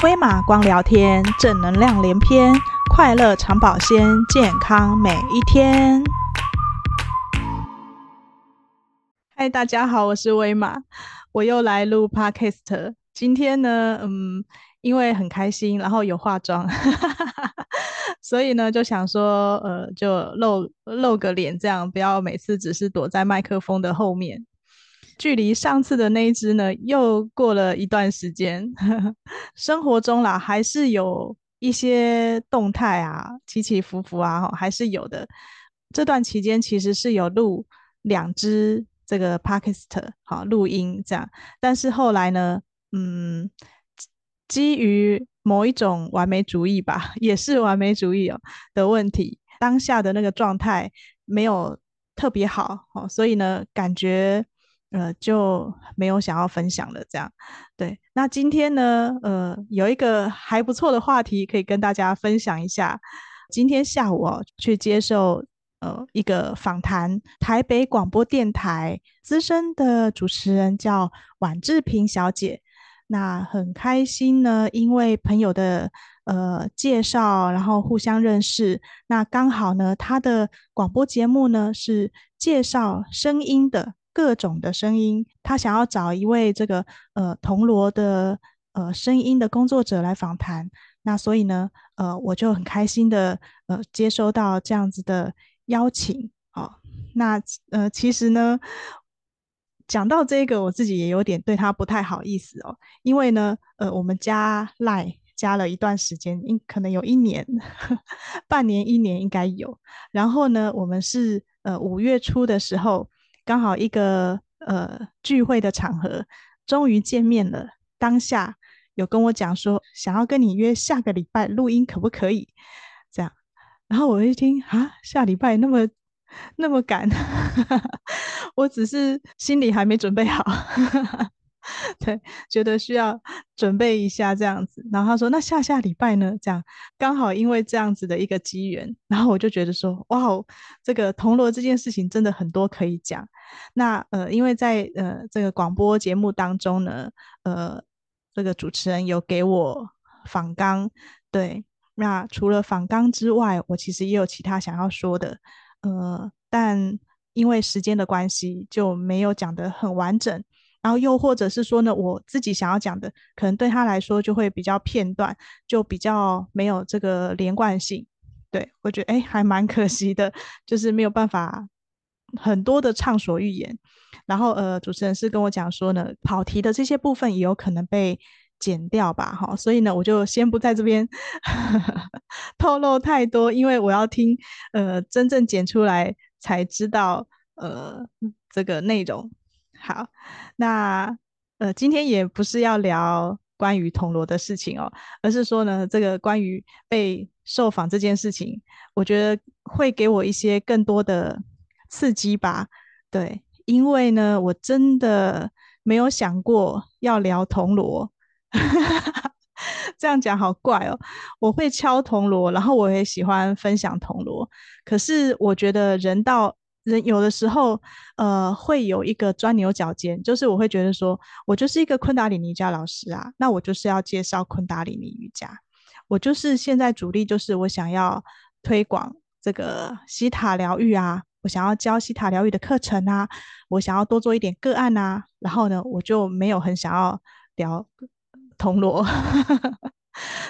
葳瑪光聊天，正能量連篇，快樂常保鮮，健康每一天。嗨，大家好，我是葳瑪，我又來錄 Podcast。今天呢，嗯，因為很開心，然後有化妝， 所以呢就想說，呃，就露露個臉，這樣不要每次只是躲在麥克風的後面。距離上次的那一隻呢，又過了一段時間。呵呵，生活中啦，還是有一些動態啊，起起伏伏啊、哦，還是有的。這段期間其實是有錄兩隻這個 podcast 哦、錄音這樣，但是後來呢，嗯，基基於某一種完美主義吧，也是完美主義哦的問題，當下的那個狀態沒有特別好，好、哦，所以呢，感覺。呃，就沒有想要分享了，這樣。對，那今天呢，呃，有一個還不錯的話題可以跟大家分享一下。今天下午哦，去接受呃一個訪談，台北廣播電台資深的主持人叫婉志平小姐。那很開心呢，因為朋友的呃介紹，然後互相認識。那剛好呢，她的廣播節目呢是介紹聲音的。各種的聲音，他想要找一位這個呃銅鑼的呃聲音的工作者來訪談。那所以呢，呃，我就很開心的呃接收到這樣子的邀請。哦，那呃，其實呢，講到這個，我自己也有點對他不太好意思哦，因為呢，呃，我們加 LINE 加了一段時間，應可能有一年，呵呵半年一年應該有。然後呢，我們是呃五月初的時候。剛好一個呃聚會的場合，終於見面了。當下有跟我講說，想要跟你約下個禮拜錄音，可不可以？這樣，然後我一聽啊，下禮拜那麼那麼趕， 我只是心裡還沒準備好。 對，覺得需要準備一下這樣子，然後他說：“那下下禮拜呢？”這樣剛好因為這樣子的一個機緣，然後我就覺得說：“哇哦，這個銅鑼這件事情真的很多可以講。那”那呃，因為在呃這個廣播節目當中呢，呃，這個主持人有給我訪綱，對。那除了訪綱之外，我其實也有其他想要說的，呃，但因為時間的關係，就沒有講得很完整。然後又或者是說呢，我自己想要講的，可能對他來說就會比較片段，就比較沒有這個連貫性，對，我覺得哎還蠻可惜的，就是沒有辦法很多的暢所欲言。然後呃，主持人是跟我講說呢，跑題的這些部分也有可能被剪掉吧，哈、哦，所以呢，我就先不在這邊 透露太多，因為我要聽呃真正剪出來才知道呃這個內容。好，那呃，今天也不是要聊關於銅鑼的事情哦，而是說呢，這個關於被受訪這件事情，我覺得會給我一些更多的刺激吧。對，因為呢，我真的沒有想過要聊銅鑼， 這樣講好怪哦。我會敲銅鑼，然後我也喜歡分享銅鑼，可是我覺得人到。人有的時候，呃，會有一個鑽牛角尖，就是我會覺得說，我就是一個昆達里尼瑜伽老師啊,那我就是要介紹昆達里尼瑜伽，我就是現在主力就是我想要推廣這個希塔療癒啊，我想要教希塔療癒的課程啊，我想要多做一點個案啊，然後呢，我就沒有很想要聊銅鑼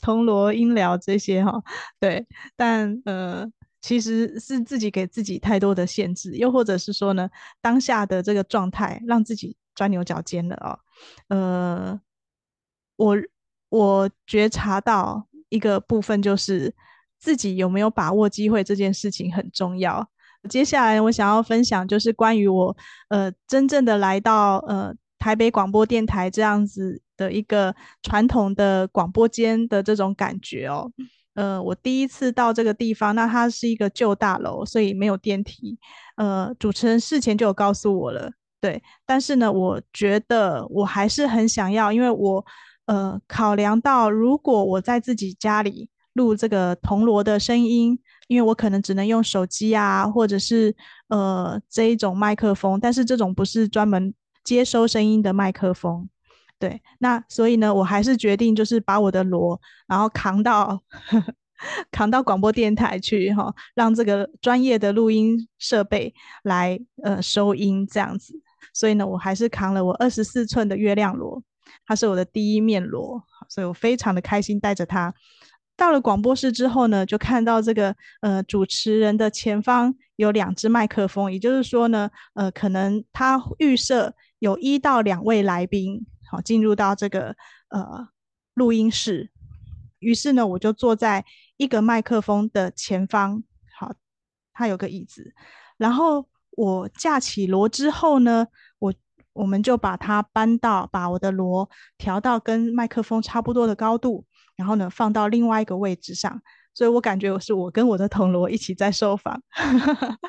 銅鑼音療這些哈，對，但呃。其實是自己給自己太多的限制，又或者是說呢，當下的這個狀態讓自己鑽牛角尖了哦。呃，我我覺察到一個部分，就是自己有沒有把握機會這件事情很重要。接下來我想要分享，就是關於我，呃，真正的來到，呃，台北廣播電台這樣子的一個傳統的廣播間的這種感覺哦。呃，我第一次到這個地方，那它是一個舊大樓，所以沒有電梯。呃，主持人事前就有告訴我了，對。但是呢，我覺得我還是很想要，因為我呃考量到，如果我在自己家裡錄這個銅鑼的聲音，因為我可能只能用手機啊，或者是呃這一種麥克風，但是這種不是專門接收聲音的麥克風。對，那所以呢，我還是決定就是把我的鑼然後扛到呵呵扛到廣播電臺去哈、哦，讓這個專業的錄音設備來呃收音這樣子。所以呢，我還是扛了我二十四寸的月亮鑼，它是我的第一面鑼，所以我非常的開心，帶着它到了廣播室之後呢，就看到這個呃主持人的前方有兩只麥克風，也就是說呢，呃，可能他預設有一到兩位來賓。好，進入到這個呃錄音室，於是呢，我就坐在一個麥克風的前方。好，它有個椅子，然後我架起鑼之後呢，我我們就把它搬到，把我的鑼調到跟麥克風差不多的高度，然後呢，放到另外一個位置上。所以我感覺我是我跟我的銅鑼一起在受訪，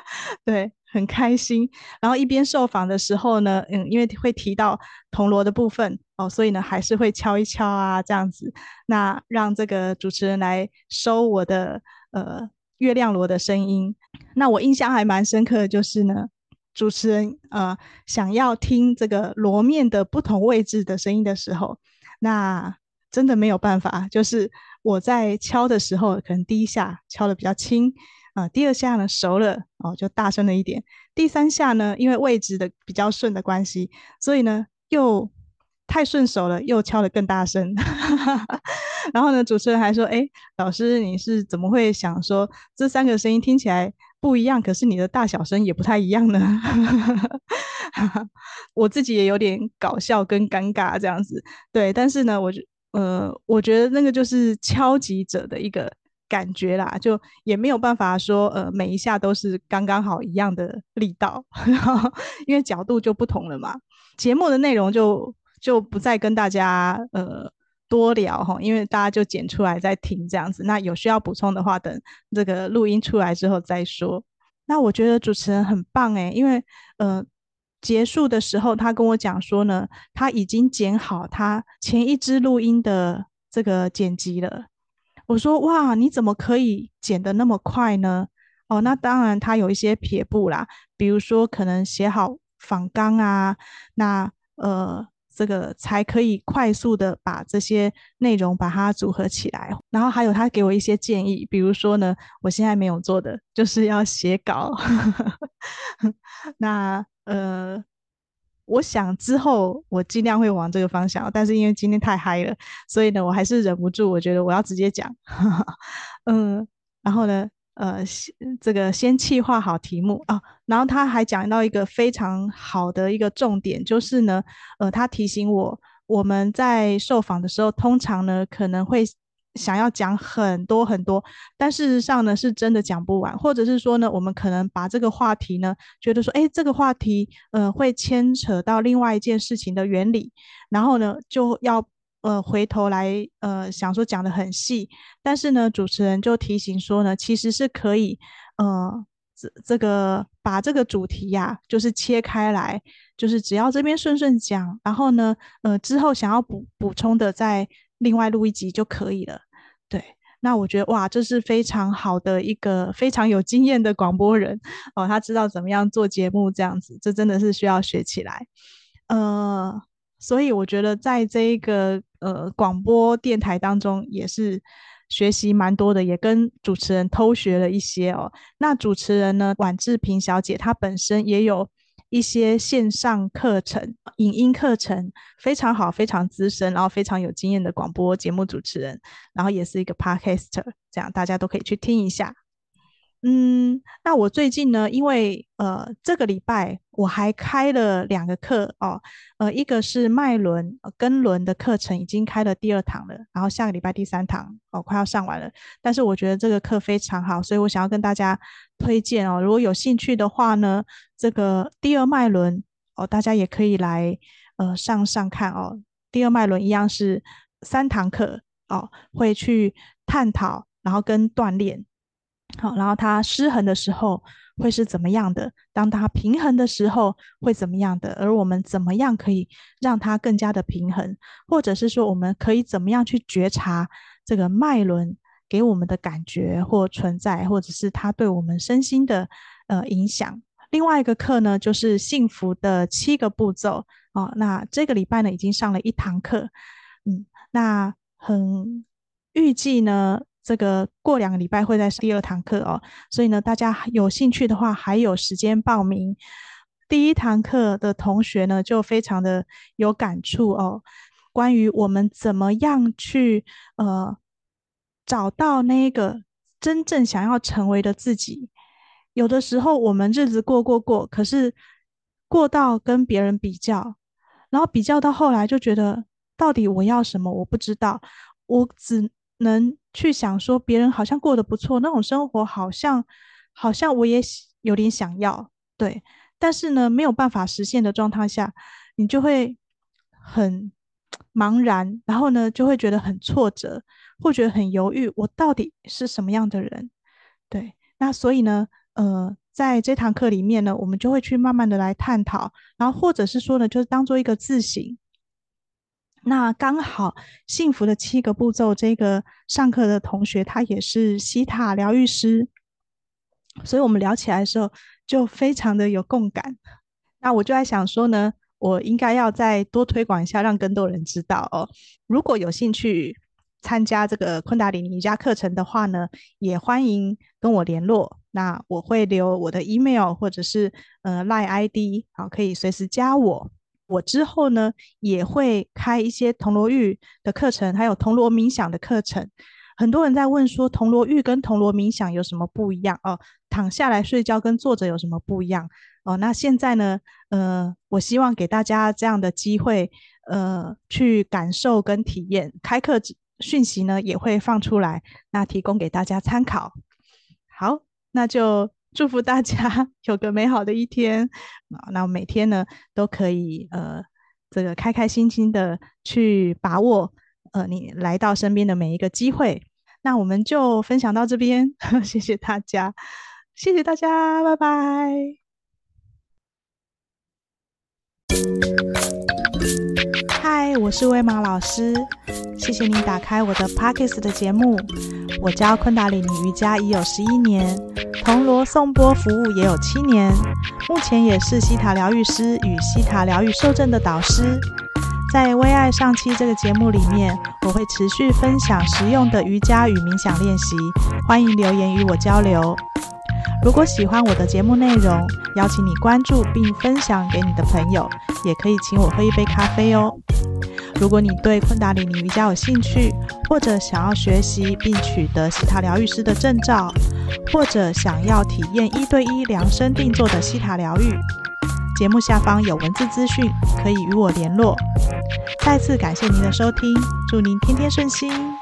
對，很開心。然後一邊受訪的時候呢，嗯，因為會提到銅鑼的部分哦，所以呢還是會敲一敲啊，這樣子。那讓這個主持人來收我的呃月亮鑼的聲音。那我印象還蠻深刻的就是呢，主持人呃想要聽這個鑼面的不同位置的聲音的時候，那真的沒有辦法，就是。我在敲的時候，可能第一下敲的比較輕啊、呃，第二下呢熟了哦，就大聲了一點。第三下呢，因為位置的比較順的關係，所以呢又太順手了，又敲的更大聲。 然後呢，主持人還說：“哎、欸，老師你是怎麼會想說這三個聲音聽起來不一樣，可是你的大小聲也不太一樣呢？” 我自己也有點搞笑跟尷尬這樣子。對，但是呢，我就……呃，我覺得那個就是敲擊者的一個感覺啦，就也沒有辦法說，呃，每一下都是剛剛好一樣的力道，呵呵，因為角度就不同了嘛。節目的內容就就不再跟大家呃多聊哈，因為大家就剪出來再聽這樣子。那有需要補充的話，等這個錄音出來之後再說。那我覺得主持人很棒哎、欸，因為呃……結束的時候，他跟我講說呢，他已經剪好他前一支錄音的這個剪輯了。我說哇，你怎麼可以剪得那麼快呢？哦，那當然他有一些撇步啦，比如說可能寫好訪綱啊，那呃這個才可以快速的把這些內容把它組合起來。然後還有他給我一些建議，比如說呢，我現在沒有做的就是要寫稿， 那。呃，我想之後我盡量會往這個方向，但是因為今天太嗨了，所以呢，我還是忍不住，我覺得我要直接講，嗯、 呃，然後呢，呃，這個先計劃好題目啊，然後他還講到一個非常好的一個重點，就是呢，呃，他提醒我我們在受訪的時候，通常呢可能會。想要講很多很多，但事實上呢，是真的講不完，或者是說呢，我們可能把這個話題呢，覺得說，哎，這個話題，呃，會牽扯到另外一件事情的原理，然後呢，就要呃，回頭來，呃，想說講的很細，但是呢，主持人就提醒說呢，其實是可以，呃，這這個把這個主題呀，就是切開來，就是只要這邊順順講，然後呢，呃，之後想要補補充的，再另外錄一集就可以了。那我覺得哇，這是非常好的一個非常有經驗的廣播人哦，他知道怎麼樣做節目這樣子，這真的是需要學起來。呃，所以我覺得在這個呃廣播電台當中也是學習蠻多的，也跟主持人偷學了一些哦。那主持人呢，管志平小姐，她本身也有。一些線上課程、影音課程非常好，非常資深，然後非常有經驗的廣播節目主持人，然後也是一個 podcaster，這樣大家都可以去聽一下。嗯，那我最近呢，因為呃，這個禮拜。我還開了兩個課哦，呃，一個是脈輪、呃、根輪的課程，已經開了第二堂了，然後下個禮拜第三堂哦，快要上完了。但是我覺得這個課非常好，所以我想要跟大家推薦哦，如果有興趣的話呢，這個第二脈輪哦，大家也可以來呃上上看哦。第二脈輪一樣是三堂課哦，會去探討，然後跟鍛鍊好、哦，然後它失衡的時候。會是怎麼樣的？當它平衡的時候會怎麼樣的？而我們怎麼樣可以讓它更加的平衡？或者是說我們可以怎麼樣去覺察這個脈輪給我們的感覺或存在，或者是它對我們身心的呃影響？另外一個課呢，就是幸福的七個步驟啊，哦。那這個禮拜呢，已經上了一堂課，嗯，那很預計呢。這個過兩個禮拜會在第二堂課哦，所以呢，大家有興趣的話還有時間報名。第一堂課的同學呢，就非常的有感觸哦。關於我們怎麼樣去呃找到那個真正想要成為的自己，有的時候我們日子過過過，可是過到跟別人比較，然後比較到後來就覺得，到底我要什麼？我不知道，我只能。去想說別人好像過得不錯，那種生活好像好像我也有點想要，對，但是呢沒有辦法實現的狀態下，你就會很茫然，然後呢就會覺得很挫折，或覺得很猶豫，我到底是什麼樣的人？對，那所以呢，呃，在這堂課裡面呢，我們就會去慢慢的來探討，然後或者是說呢，就是當做一個自省。那剛好，幸福的七個步驟，這個上課的同學他也是希塔療癒師，所以我們聊起來的時候就非常的有共感。那我就在想說呢，我應該要再多推廣一下，讓更多人知道哦。如果有興趣參加這個昆達里尼瑜伽課程的話呢，也歡迎跟我聯絡。那我會留我的 email 或者是呃 Line ID，好、啊，可以隨時加我。我之後呢也會開一些銅鑼域的課程，還有銅鑼冥想的課程。很多人在問說，銅鑼域跟銅鑼冥想有什麼不一樣哦？躺下來睡覺跟坐着有什麼不一樣哦？那現在呢，呃，我希望給大家這樣的機會，呃，去感受跟體驗。開課訊息呢也會放出來，那提供給大家參考。好，那就。祝福大家有個美好的一天，那我每天呢都可以呃，這個開開心心的去把握呃，你來到身邊的每一個機會。那我們就分享到這邊，謝謝大家，謝謝大家，拜拜。嗨，我是葳瑪老師，謝謝你打開我的 Podcast 的節目。我教昆達里尼瑜伽已有十一年。銅鑼頌缽服務也有七年，目前也是希塔療癒師與希塔療癒授證的導師。在葳愛上七這個節目裡面，我會持續分享實用的瑜伽與冥想練習，歡迎留言與我交流。如果喜歡我的節目內容，邀請你關注並分享給你的朋友，也可以請我喝一杯咖啡哦。如果你對昆達里尼瑜伽有興趣，或者想要學習並取得希塔療癒師的證照。或者想要體驗一對一量身定做的希塔療癒，節目下方有文字資訊，可以與我聯絡。再次感謝您的收聽，祝您天天順心。